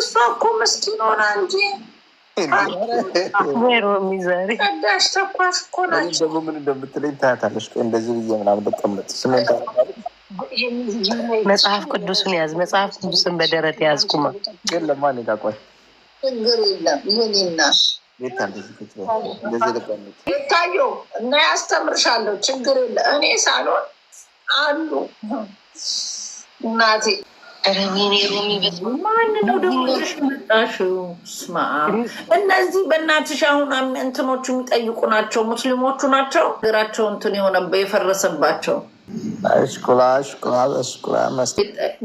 እሷ እኮ ምስኪን ሆና እንጂ ቀዳሽ ተኳሽ እኮ ናቸው። ደግሞ ምን እንደምትለኝ ታያታለሽ። እንደዚህ ብዬ ምናምን ልቀመጥ መጽሐፍ ቅዱስን ያዝ፣ መጽሐፍ ቅዱስን በደረት ያዝ። ኩማ የለም ችግር የለም። እና ያስተምርሻለሁ። ችግር እኔ ሳልሆን አሉ እናቴ ማን ነው ደግሞ ይዘሽ ስማ እነዚህ በእናትሽ አሁን እንትኖቹ የሚጠይቁ ናቸው፣ ሙስሊሞቹ ናቸው። ግራቸው እንትን የሆነ የፈረሰባቸው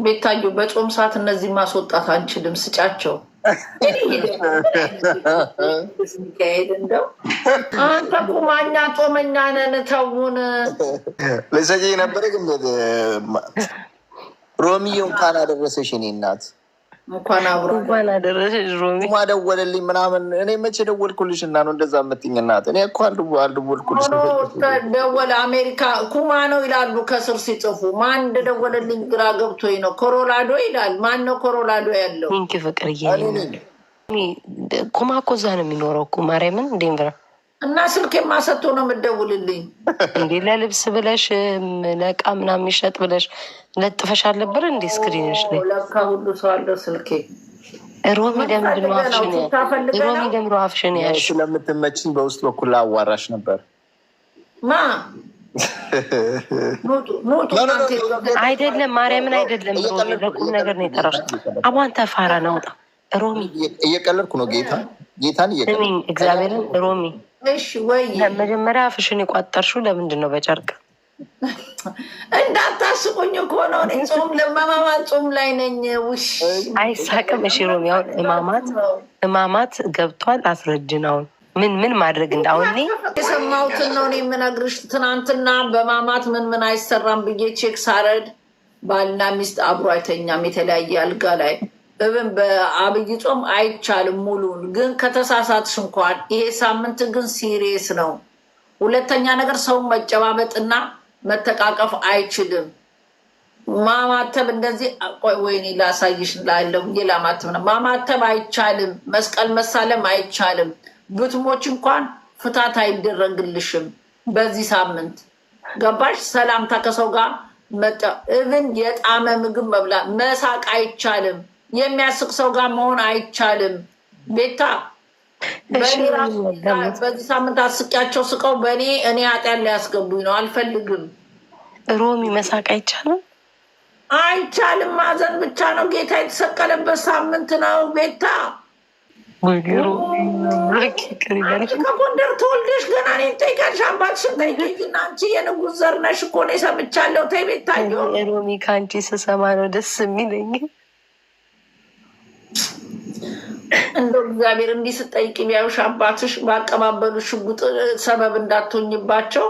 ቤታዩ በጾም ሰዓት እነዚህ ማስወጣት አንችልም፣ ስጫቸው። ሚካሄድ እንደው አንተ ቁማኛ ጾመኛ ነን ተውን ልሰጪ ነበረ ግን ሮሚዬ እንኳን አደረሰሽ እኔ እናት እንኳን አብሮ ማደወለልኝ ምናምን። እኔ መቼ ደወልኩልሽ እና ነው እንደዛ መትኝ እናት? እኔ እኮ አልደወልኩልሽ። ደወለ አሜሪካ ኩማ ነው ይላሉ ከስር ሲጽፉ። ማን እንደደወለልኝ ግራ ገብቶኝ ነው። ኮሮላዶ ይላል። ማን ነው ኮሮላዶ ያለው? ንኪ ፍቅር ኩማ እኮ እዛ ነው የሚኖረው እኮ ማርያምን ዴንቨር እና ስልክ የማሰቶ ነው የምደውልልኝ እንዲ ለልብስ ብለሽ ለቃ ምና የሚሸጥ ብለሽ ለጥፈሽ አልነበረ እንዲ ስክሪንሽ ላይ ለካ ሁሉ ሰው አለው ስልኬ። ሮሚ ደምሮ አፍሽን ያሽ ስለምትመችኝ በውስጥ በኩል አዋራሽ ነበር ማ አይደለም ማርያምን አይደለም፣ ለቁም ነገር ነው የጠራሽ። አቧንተ ፋራ ነውጣ ሮሚ። እየቀለድኩ ነው ጌታ ጌታን እግዚአብሔርን ሮሚ መጀመሪያ ፍሽን የቋጠርሽው ለምንድን ነው? በጨርቅ እንዳታስቁኝ እኮ ነው። ጾም ለማማማት ጾም ላይ ነኝ። ውሽ አይሳቅም። እሺ ሮሚ፣ አሁን እማማት እማማት ገብቷል። አስረጅን አሁን ምን ምን ማድረግ እንዳሁኔ አሁን የሰማሁትን ነው እኔ የምነግርሽ። ትናንትና በማማት ምን ምን አይሰራም ብዬ ቼክ ሳረድ ባልና ሚስት አብሮ አይተኛም የተለያየ አልጋ ላይ እብን በአብይ ጾም አይቻልም ሙሉን። ግን ከተሳሳትሽ እንኳን ይሄ ሳምንት ግን ሲሪየስ ነው። ሁለተኛ ነገር ሰውን መጨባበጥና መተቃቀፍ አይችልም። ማማተብ እንደዚህ ወይኔ ላሳይሽ ላለው ይ ላማተብ ነው። ማማተብ አይቻልም። መስቀል መሳለም አይቻልም። ብትሞች እንኳን ፍታት አይደረግልሽም። በዚህ ሳምንት ገባሽ? ሰላምታ ከሰው ጋር መጣ። እብን የጣመ ምግብ መብላት መሳቅ አይቻልም። የሚያስቅ ሰው ጋር መሆን አይቻልም። ቤታ በዚህ ሳምንት አስቂያቸው ስቀው በእኔ እኔ አጢያን ሊያስገቡኝ ነው፣ አልፈልግም። ሮሚ መሳቅ አይቻልም፣ አይቻልም። ማዘን ብቻ ነው። ጌታ የተሰቀለበት ሳምንት ነው። ቤታ ከጎንደር ተወልደሽ ገና እኔ ጠይቃልሽ አባትሽን ጠይቄኝና አንቺ የንጉስ ዘር ነሽ እኮ እኔ ሰምቻለሁ። ተይ ቤታየ ሮሚ ከአንቺ ስሰማ ነው ደስ የሚለኝ። እንደ እግዚአብሔር እንዲህ ስጠይቅ ቢያዩሽ አባትሽ ባቀባበሉ ሽጉጥ ሰበብ እንዳትሆኝባቸው።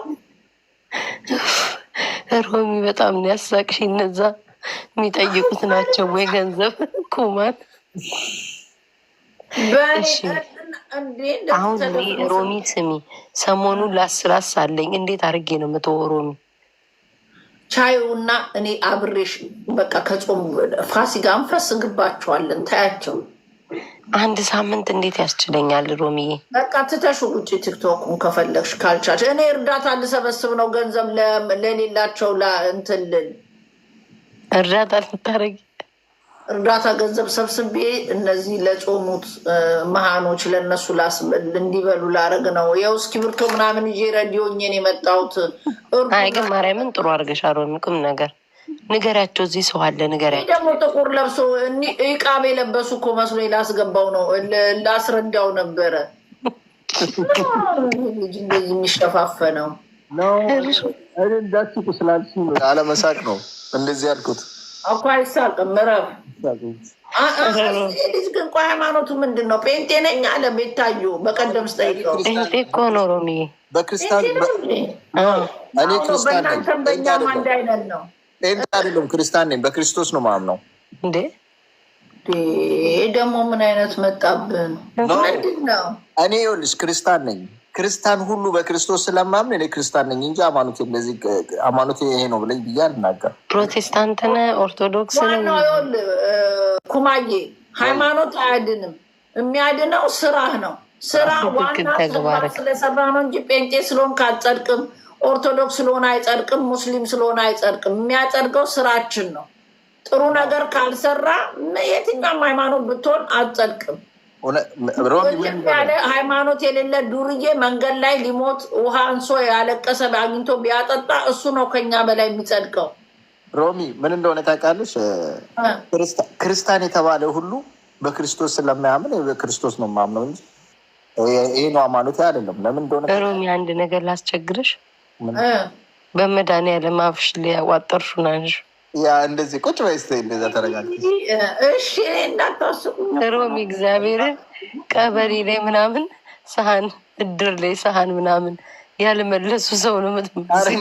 ሮሚ በጣም ነው ያሳቅሽ። እነዛ የሚጠይቁት ናቸው ወይ ገንዘብ ኩማን አሁን ሮሚ ስሚ፣ ሰሞኑን ላስላስ አለኝ። እንዴት አድርጌ ነው የምትወው ሮሚ ቻዩና እኔ አብሬሽ በቃ ከጾም ፋሲካ እንፈስግባቸዋለን። ታያቸው አንድ ሳምንት እንዴት ያስችለኛል? ሮሚዬ በቃ ትተሹ ውጭ ቲክቶኩን ከፈለግሽ ካልቻልሽ፣ እኔ እርዳታ ልሰበስብ ነው ገንዘብ ለሌላቸው ለእንትልል እርዳታ ልታረጊ እርዳታ ገንዘብ ሰብስቤ እነዚህ ለጾሙት መሃኖች ለነሱ እንዲበሉ ላረግ ነው። ያው እስክሪብቶ ምናምን ይዤ ረዲዮኝን የመጣሁት ግን ማርያምን ጥሩ አድርገሻል። ቁም ነገር ንገሪያቸው። እዚህ ሰው አለ ንገሪያቸው። ደግሞ ጥቁር ለብሶ ቃብ የለበሱ እኮ መስሎ ላስገባው ነው ላስረዳው ነበረ ልጅ እንደዚህ የሚሸፋፈነው ነው። እንዳትቁ ስላልሽኝ አለመሳቅ ነው እንደዚህ ያልኩት። እኮ አይሳቅም። ምዕራፍ ልጅ ግን ሃይማኖቱ ምንድን ነው? ጴንጤ ነኝ አለ ቤታዩ። በቀደም ስጠይቀው ጴንጤ እኮ ነው ክርስቲያን ነኝ። ነው። ነው እንዴ ደግሞ ምን አይነት መጣብን? ምንድን ነው? እኔ ይኸውልሽ ክርስቲያን ነኝ ክርስቲያን ሁሉ በክርስቶስ ስለማምን እኔ ክርስቲያን ነኝ እንጂ ሃይማኖት እንደዚህ ሃይማኖት ይሄ ነው ብለኝ ብዬ አልናገር። ፕሮቴስታንት ነህ ኦርቶዶክስ ኩማዬ፣ ሃይማኖት አያድንም። የሚያድነው ስራህ ነው። ስራ ዋና ስራ ስለሰራ ነው እንጂ ጴንጤ ስለሆንክ አልጸድቅም፣ ኦርቶዶክስ ስለሆነ አይጸድቅም፣ ሙስሊም ስለሆነ አይጸድቅም። የሚያጸድቀው ስራችን ነው። ጥሩ ነገር ካልሰራ የትኛውም ሃይማኖት ብትሆን አልጸድቅም። ያለ ሃይማኖት የሌለ ዱርዬ መንገድ ላይ ሊሞት ውሃ አንሶ ያለቀሰ አግኝቶ ቢያጠጣ እሱ ነው ከኛ በላይ የሚጸድቀው። ሮሚ ምን እንደሆነ ታውቃለች። ክርስቲያን የተባለ ሁሉ በክርስቶስ ስለማያምን በክርስቶስ ነው የማምነው እንጂ ይህ ነው ሃይማኖት አይደለም። ለምን እንደሆነ ሮሚ አንድ ነገር ላስቸግርሽ። በመድኃኒዓለም አፍሽ ሊያዋጠርሹ ናንሽ ያ እንደዚህ ቁጭ በይ እስኪ እንደዛ ተረጋግተሽ እሺ። እንዳታስቁኝ ሮሚ እግዚአብሔርን ቀበሌ ላይ ምናምን ሰሀን እድር ላይ ሰሀን ምናምን ያልመለሱ ሰው ነው።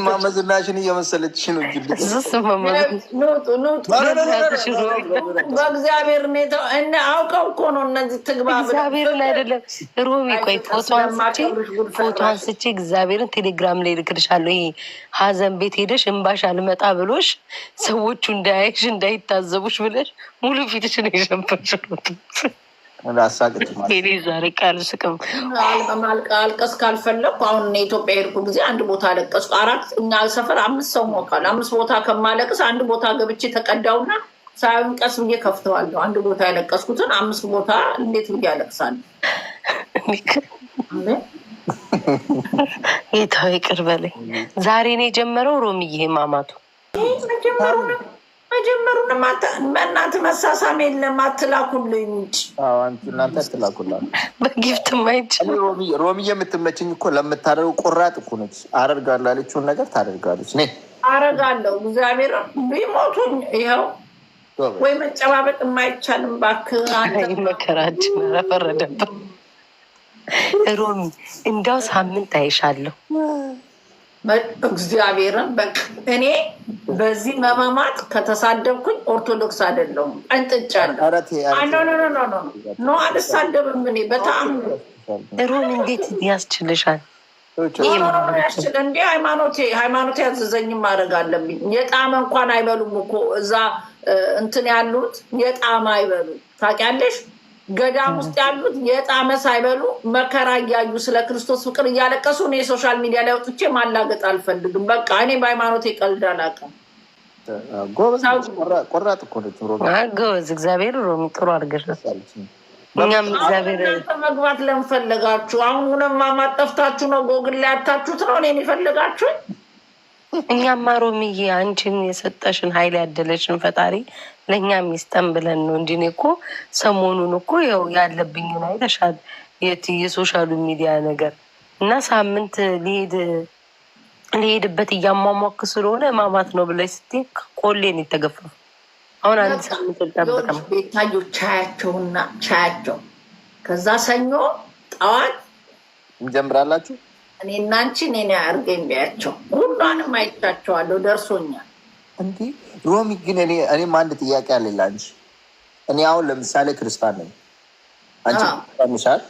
ማመዝናሽን እየመሰለችሽ ነው። በእግዚአብሔር እነ አውቀው እኮ ነው እነዚህ ትግባ እግዚአብሔርን አይደለም። ሮሚ ቆይ ፎቶ አንስቼ ፎቶ አንስቼ እግዚአብሔርን ቴሌግራም ላይ ልክልሻለሁ። ይሄ ሀዘን ቤት ሄደሽ እንባሽ አልመጣ ብሎሽ ሰዎቹ እንዳያይሽ እንዳይታዘቡሽ ብለሽ ሙሉ ፊትሽን የሸፈንሽ ዛሬ ቃል ስቅም አልቀስ ካልፈለግኩ አሁን ኢትዮጵያ ሄድኩ ጊዜ አንድ ቦታ ለቀሱ አራት እኛ ሰፈር አምስት ሰው ሞቃል። አምስት ቦታ ከማለቅስ አንድ ቦታ ገብቼ ተቀዳውና ሳይሆን ቀስ ብዬ ከፍተዋለሁ። አንድ ቦታ ያለቀስኩትን አምስት ቦታ እንዴት ብዬ አለቅሳለሁ? ጌታዊ ቅርበለኝ ዛሬ ነው የጀመረው። ሮምዬ ማማቱ መጀመሩን በእናት መሳሳም የለም። አትላኩልኝ እናንተ አትላኩላል። በጊፍት ሮሚ የምትመችኝ እኮ ለምታደርገው ቁራጥ እኮ ነች። አደርጋለሁ ያለችውን ነገር ታደርጋለች። ኔ አደርጋለሁ እግዚአብሔር ቢሞቱኝ ይኸው ወይ መጨባበጥ የማይቻልም እባክህ መከራችን አላፈረደብን ሮሚ፣ እንዳው ሳምንት አይሻለሁ እግዚአብሔርን እኔ በዚህ መማማት ከተሳደብኩኝ ኦርቶዶክስ አይደለሁም። ቀንጥጫለሁ። ኖ አልሳደብም። እኔ በጣም ሮም እንዴት ያስችልሻል? ያስችል እንዲ ሃይማኖቴ ሃይማኖቴ ያዘዘኝም ማድረግ አለብኝ። የጣመ እንኳን አይበሉም እኮ እዛ እንትን ያሉት የጣመ አይበሉም ታውቂያለሽ። ገዳም ውስጥ ያሉት የጣመ ሳይበሉ መከራ እያዩ ስለ ክርስቶስ ፍቅር እያለቀሱ እኔ የሶሻል ሚዲያ ላይ ወጥቼ ማላገጥ አልፈልግም። በቃ እኔ በሃይማኖት የቀልድ አላውቅም። ቆራጥ ጎበዝ። እግዚአብሔር ሮሚ ጥሩ አድርገሽ እኛም እግዚአብሔር መግባት ለምን አሁን ሁነማ ማጠፍታችሁ ነው። ጎግል ላይ ያታችሁት ነው እኔን የፈለጋችሁኝ እኛማ ሮምዬ አንቺን የሰጠሽን ኃይል ያደለሽን ፈጣሪ ለእኛ ሚስጠን ብለን ነው እንጂ እኔ እኮ ሰሞኑን እኮ ያው ያለብኝን አይተሻል፣ የሶሻሉ ሚዲያ ነገር እና ሳምንት ሊሄድ ሊሄድበት እያሟሟክ ስለሆነ ማማት ነው ብለሽ ስትይ ቆሌን የተገፈፉ አሁን አንድ ሳምንት ልጠብቅ ቤታዮ ቻያቸውና ቻያቸው ከዛ ሰኞ ጠዋት እንጀምራላችሁ። እኔ እናንቺ እኔን አያርገኝ ቢያቸው ሁሉንም አይቻቸዋለሁ። ደርሶኛል። እንዲ ሮሚ ግን እኔም አንድ ጥያቄ አለኝ ለአንቺ። እኔ አሁን ለምሳሌ ክርስቲያን ነኝ፣ አንቺ ሚሳል፣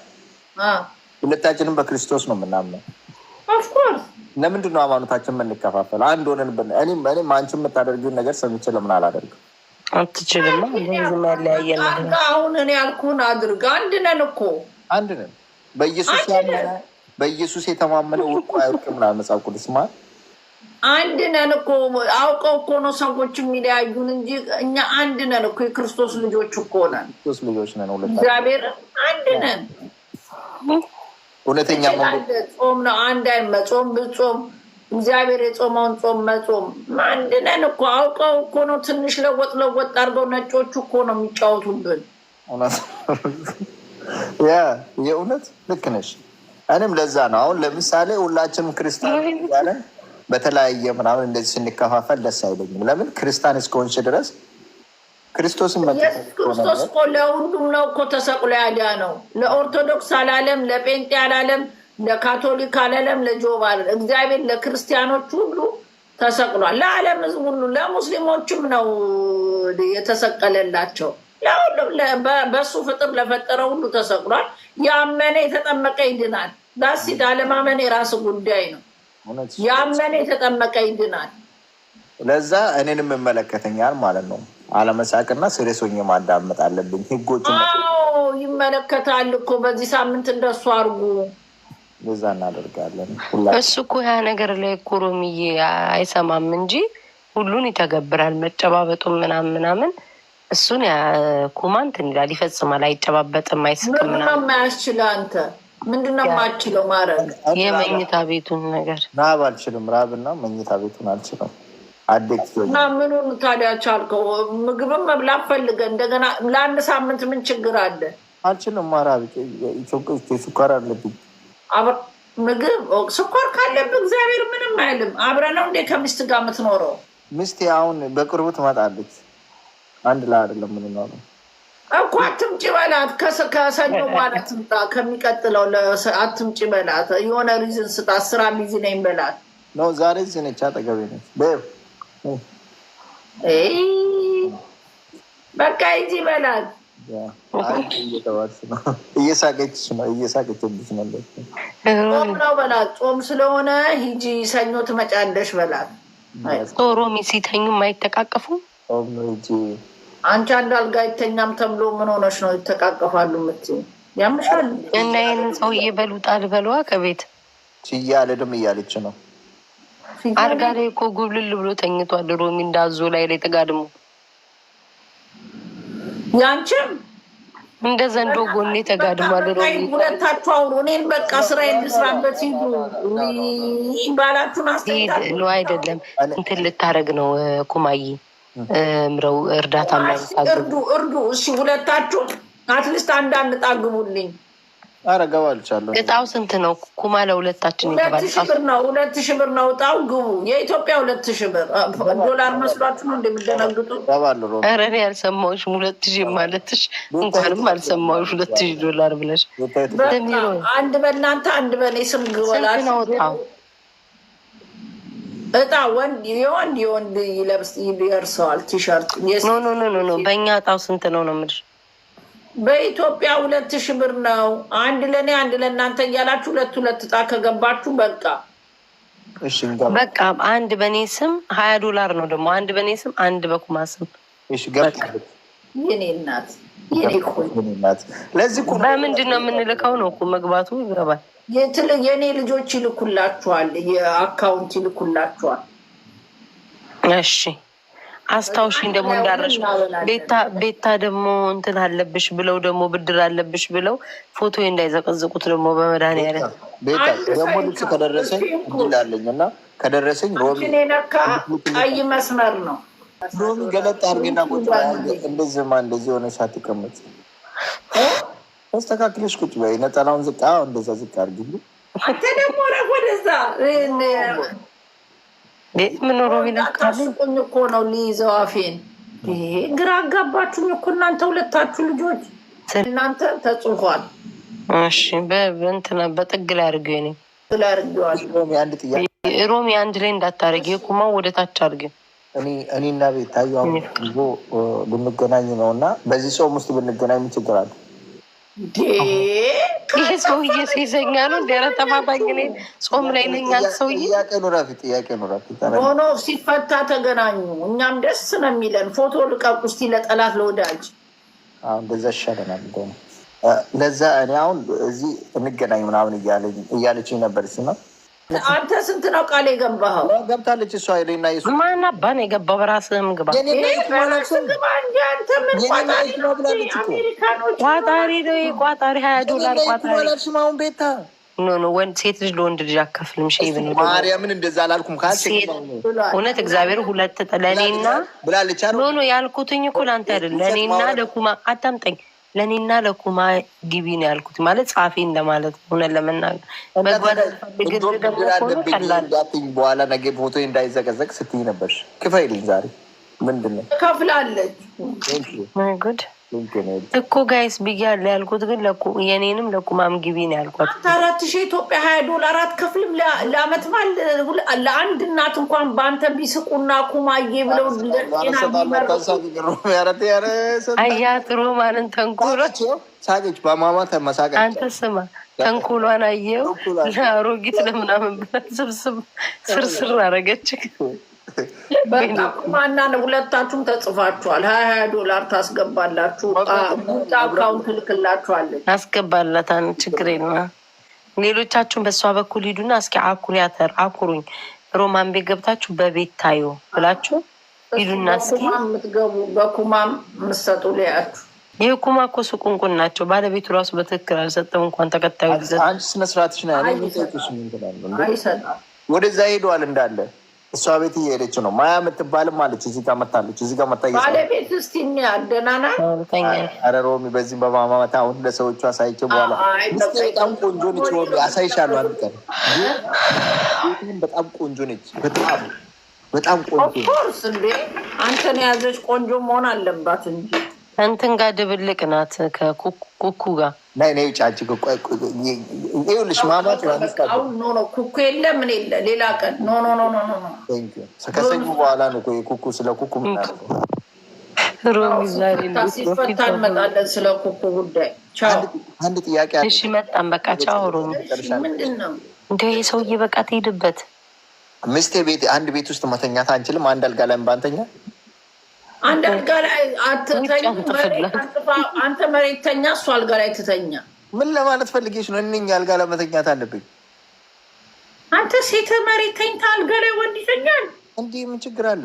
ሁለታችንም በክርስቶስ ነው የምናምነው። ኦፍኮርስ ለምንድን ነው ሃይማኖታችን የምንከፋፈል? አንድ ሆነን እኔም አንቺ የምታደርጊውን ነገር ሰምቼ ለምን አላደርግም? አትችልም። ያለያየ አሁን እኔ ያልኩን አድርግ። አንድ ነን እኮ አንድ ነን በኢየሱስ ያመነ በኢየሱስ የተማመነ ወርቁ አያውቅም ምናምን መጽሐፍ ቅዱስ ማ አንድ ነን እኮ አውቀው እኮ ነው ሰዎች የሚለያዩን እንጂ እኛ አንድ ነን እኮ የክርስቶስ ልጆች እኮ ነን። ልጆች ነን። እግዚአብሔር አንድ ነን። እውነተኛ ጾም ነው። አንድ አይ መጾም ብጾም እግዚአብሔር የጾመውን ጾም መጾም አንድ ነን እኮ አውቀው እኮ ነው። ትንሽ ለወጥ ለወጥ አድርገው ነጮቹ እኮ ነው የሚጫወቱብን። የእውነት ልክ ነሽ። እኔም ለዛ ነው አሁን ለምሳሌ ሁላችንም ክርስቲያን ባለን በተለያየ ምናምን እንደዚህ ስንከፋፈል ደስ አይለኝም። ለምን ክርስቲያን እስከሆንሽ ድረስ ክርስቶስን ክርስቶስ እኮ ለሁሉም ነው እኮ ተሰቅሎ ያዳ ነው። ለኦርቶዶክስ አላለም፣ ለጴንጤ አላለም፣ ለካቶሊክ አላለም፣ ለጆባ አለ እግዚአብሔር ለክርስቲያኖች ሁሉ ተሰቅሏል። ለዓለም ሕዝብ ሁሉ ለሙስሊሞችም ነው የተሰቀለላቸው። ለሁሉም በእሱ ፍጥር ለፈጠረው ሁሉ ተሰቅሏል። ያመነ የተጠመቀ ይድናል። ዳሲድ አለማመን የራሱ ጉዳይ ነው። ያመን የተጠመቀ ይድናል። ለዛ እኔን የምመለከተኛል ማለት ነው። አለመሳቅና ስሬሶኝ ማዳመጥ አለብኝ። ህጎች ይመለከታል እኮ በዚህ ሳምንት እንደሱ አድርጉ። ለዛ እናደርጋለን። እሱ እኮ ያ ነገር ላይ እኮ ሮምዬ አይሰማም እንጂ ሁሉን ይተገብራል። መጨባበጡ ምናምን ምናምን እሱን ኩማንትን ይላል፣ ይፈጽማል። አይጨባበጥም፣ አይስቅም ምናምን የማያስችልህ አንተ ምንድነው የማልችለው ማድረግ? የመኝታ ቤቱን ነገር ራብ አልችልም። ራብና መኝታ ቤቱን አልችልም። እና ምኑን ታዲያ ቻልከው? ምግብም መብላት ፈልገ እንደገና ለአንድ ሳምንት ምን ችግር አለ? አልችልም። ራብ ስኳር አለብኝ። ምግብ ስኳር ካለብህ እግዚአብሔር ምንም አይልም። አብረህ ነው እንዴ ከሚስት ጋር የምትኖረው? ሚስቴ አሁን በቅርቡ ትመጣለች። አንድ ላይ አይደለም ምንኖረው እኮ አትምጭ በላት። ከሰኞ በኋላ ትምጣ። ከሚቀጥለው አትምጭ በላት። የሆነ ሪዝን ስጣ፣ ስራ ቢዚ ነኝ በላት። ነው ዛሬ እዚህ ነች፣ አጠገቤ ነች። በቃ ሂጂ በላት። እየሳቀች ነው እየሳቀችብሽ ነው። ጾም ነው በላት። ጾም ስለሆነ ሂጂ፣ ሰኞ ትመጫለሽ በላት። ሮሚ ሲተኙ አይተቃቀፉም። ሂጂ አንቺ አንድ አልጋ አይተኛም ተብሎ ምን ሆነሽ ነው ይተቃቀፋሉ የምትይው? ያምሻል እና ይህንን ሰውዬ በሉጣ ልበሏ ከቤት ችያለድም እያለች ነው። አልጋ ላይ እኮ ጉብልል ብሎ ተኝቷል። ሮሚ እንዳዞ ላይ ላይ ተጋድሞ ያንቺም እንደ ዘንዶ ጎኔ ተጋድሟል። ሮሚ ሁለታችሁ አውሩ። እኔን በቃ ስራ የምስራበት ሂዱ። ባላችሁን አስተዳል ነው አይደለም እንትን ልታረግ ነው ኩማዬ ምረው እርዳታ እርዱ እርዱ። እሺ ሁለታችሁ አትሊስት አንዳንድ ጣግቡልኝ። ኧረ እገባልቻለሁ። እጣው ስንት ነው? ኩማ ለሁለታችን ይገባል። ሁለት ሺህ ብር ነው። ሁለት ሺህ ብር ነው እጣው። ግቡ። የኢትዮጵያ ሁለት ሺህ ብር ዶላር መስሏችሁ ነው እንደሚደነግጡ። ኧረ እኔ አልሰማሁሽም። ሁለት ሺህ ማለትሽ እንኳንም አልሰማሁሽ። ሁለት ሺህ ዶላር ብለሽ አንድ በእናንተ አንድ በእኔ ስም ግበላል። ነው እጣው? እጣ ወንድ የወንድ የወንድ ይለብስ ይደርሰዋል። ቲሸርት ኖ በእኛ እጣው ስንት ነው ነው ምድር በኢትዮጵያ ሁለት ሺህ ብር ነው። አንድ ለእኔ አንድ ለእናንተ እያላችሁ ሁለት ሁለት እጣ ከገባችሁ በቃ በቃ አንድ በእኔ ስም ሀያ ዶላር ነው ደግሞ አንድ በእኔ ስም አንድ በኩማ ስም የኔ እናት የኔ ለዚህ በምንድን ነው የምንልከው ነው መግባቱ ይገባል የእኔ ልጆች ይልኩላችኋል፣ የአካውንት ይልኩላችኋል። እሺ አስታውሽኝ ደግሞ እንዳረሽ ቤታ ቤታ ደግሞ እንትን አለብሽ ብለው ደግሞ ብድር አለብሽ ብለው ፎቶ እንዳይዘቀዝቁት ደግሞ በመድኃኒዓለም ቤታ ደግሞ ልብስ ከደረሰኝ እላለኝ እና ከደረሰኝ ሮሚ ቀይ መስመር ነው። ሮሚ ገለጥ አድርጌና ቁጭ እንደዚህ ማ እንደዚህ የሆነሽ አትቀመጭ ተስተካክለሽ ቁጭ በይ። ነጠላውን ዝቅ እንደዛ ዝቅ አድርጊሉ። አንተ ደግሞ ረፍ ወደዛ ምን ሮቢናቃሱቁኝ እኮ ነው ሊይዘው አፌን። ግራ አጋባችሁኝ እኮ እናንተ ሁለታችሁ ልጆች። እናንተ ተጽፏል። እሺ በእንትና በጥግ ላይ አድርገው ኔ ሮሚ አንድ ላይ እንዳታደርጊ ኩማ ወደ ታች እኔ እና ቤታዩ ጉዞ ልንገናኝ ነው እና በዚህ ጾም ውስጥ ብንገናኝ ችግር አለ ይሄ ሰውዬ ሲዘኛ ነው። ደረተ ማባኝ ጾም ላይ ነኛል። ሰውዬ ሆኖ ሲፈታ ተገናኙ። እኛም ደስ ነው የሚለን። ፎቶ ልቀቁ እስቲ ለጠላት ለወዳጅ። እንደዛ ይሻለናል። ለዛ እኔ አሁን እዚህ እንገናኝ ምናምን እያለችኝ ነበር ሲመጣ አንተ ስንት ነው ቃል የገባኸው? ገብታለች እሷ ሪና ማን አባ ነው የገባው? በራስህም ግባ ቋጣሪ ነው ቋጣሪ፣ ሀያ ዶላር ቋጣሪ ቤታ ኖ ኖ ወንድ ሴት ልጅ ለወንድ ልጅ አከፍልም። ሸይ ብን ማርያምን እንደዛ አላልኩም። እውነት እግዚአብሔር ሁለት ለእኔና ኖ ኖ ያልኩትኝ እኮ ለአንተ አይደለም ለእኔና ለኩማ አታምጠኝ ለእኔና ለኩማ ግቢ ነው ያልኩት። ማለት ጻፊ እንደማለት ሆነ ለመናገር በኋላ ነገ ፎቶ እንዳይዘቀዘቅ ስትይ ነበር። ክፈይልኝ ዛሬ ምንድን ነው ከፍላለች። እኮ ጋይስ ብያለሁ ያልኩት ግን የኔንም ለቁማም ግቢ ነው ያልኳት። አራት ሺህ ኢትዮጵያ ሀያ ዶላር አትከፍልም ለአመትማ። ለአንድ እናት እንኳን በአንተ ቢስቁና ኩማዬ ብለው ጥሩ ማንን ተንኮሎች ሳቂች በማማ ተመሳቀ አንተ ስማ ተንኮሏን አየው ለአሮጊት ለምናምን ብላ ስብስብ ስርስር አረገች። በጣም ማና ሁለታችሁም ተጽፋችኋል። ሀያ ሀያ ዶላር ታስገባላችሁ። ቡጣ አካውንት ልክላችኋለች። አስገባላታን ችግር የለ። ሌሎቻችሁን በእሷ በኩል ሂዱና እስኪ አኩሪ ያተር አኩሩኝ ሮማን ቤት ገብታችሁ በቤት ታዩ ብላችሁ ሂዱና እስኪ የምትገቡ በኩማም የምትሰጡ ሊያችሁ ይህ ኩማ እኮ ሱቁንቁን ናቸው። ባለቤቱ ራሱ በትክክል አልሰጠም። እንኳን ተከታዩ ጊዜ አንቺ ስነስርዓትሽ ነ ወደዛ ሄደዋል እንዳለ እሷ ቤት እየሄደች ነው። ማያ የምትባልም አለች። እዚህ ጋር መታለች። እዚህ ጋር መታ ባለቤት ውስጥ ያደናና ኧረ ሮሚ በዚህ በማማመት አሁን ለሰዎቹ አሳይቼው በኋላ በጣም ቆንጆ ነች። ሮሚ አሳይሻለሁ አንድ ቀን። በጣም ቆንጆ ነች። በጣም በጣም ቆንጆ ኦፍኮርስ። እንዴ አንተን የያዘች ቆንጆ መሆን አለባት እንጂ እንትን ጋር ድብልቅ ናት ከኩኩ ጋር ናይ ናይ ጫጭ ይኸውልሽ ማማት ኖ ኩኩ የለ ምን የለ ሌላ ቀን ኖ ኖ ኖ ከሰኞ በኋላ ነው ኩኩ ስለ ኩኩ ምናደርገው ሲፈታ እንመጣለን ስለ ኩኩ ጉዳይ አንድ ጥያቄ እሺ መጣን በቃ ቻው ሮሚ ምንድን ነው እንደ ሰውዬ በቃ ትሄድበት ምስቴ ቤት አንድ ቤት ውስጥ መተኛት አንችልም አንድ አልጋ ላይ ባንተኛ አንድ አልጋ ላይ አንተ መሬት ተኛ፣ እሱ አልጋ ላይ ትተኛ። ምን ለማለት ፈልጌች ነው? እኔ አልጋ ላይ መተኛት አለብኝ። አንተ ሴት መሬት ተኝታ አልጋ ላይ ወንድ ይተኛል። እንዲህ ምን ችግር አለ?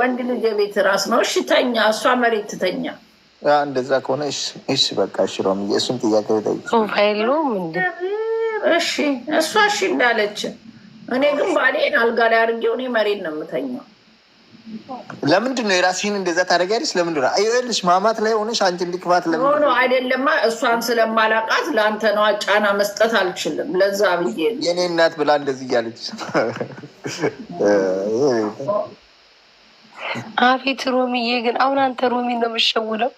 ወንድ ልጅ የቤት ራስ ነው። እሺ ተኛ፣ እሷ መሬት ትተኛ። እንደዛ ከሆነ እሺ በቃ እሺ። ሮሚ እሱን ጥያቄ ጠይቅሉም። እሺ እሷ እሺ እንዳለች፣ እኔ ግን ባሌን አልጋ ላይ አድርጌው እኔ መሬት ነው የምተኛው ለምንድን ነው የራስሽን እንደዛ ታደርጊያለሽ? ለምንድን ነው ይኸውልሽ፣ ማማት ላይ ሆነሽ አንቺ እንዲክፋት ለምን ሆኖ አይደለማ። እሷን ስለማላቃት ለአንተ ነዋ ጫና መስጠት አልችልም። ለዛ ብዬ የኔ እናት ብላ እንደዚህ እያለች አቤት ሮሚዬ። ግን አሁን አንተ ሮሚ ነው የምትሸውለው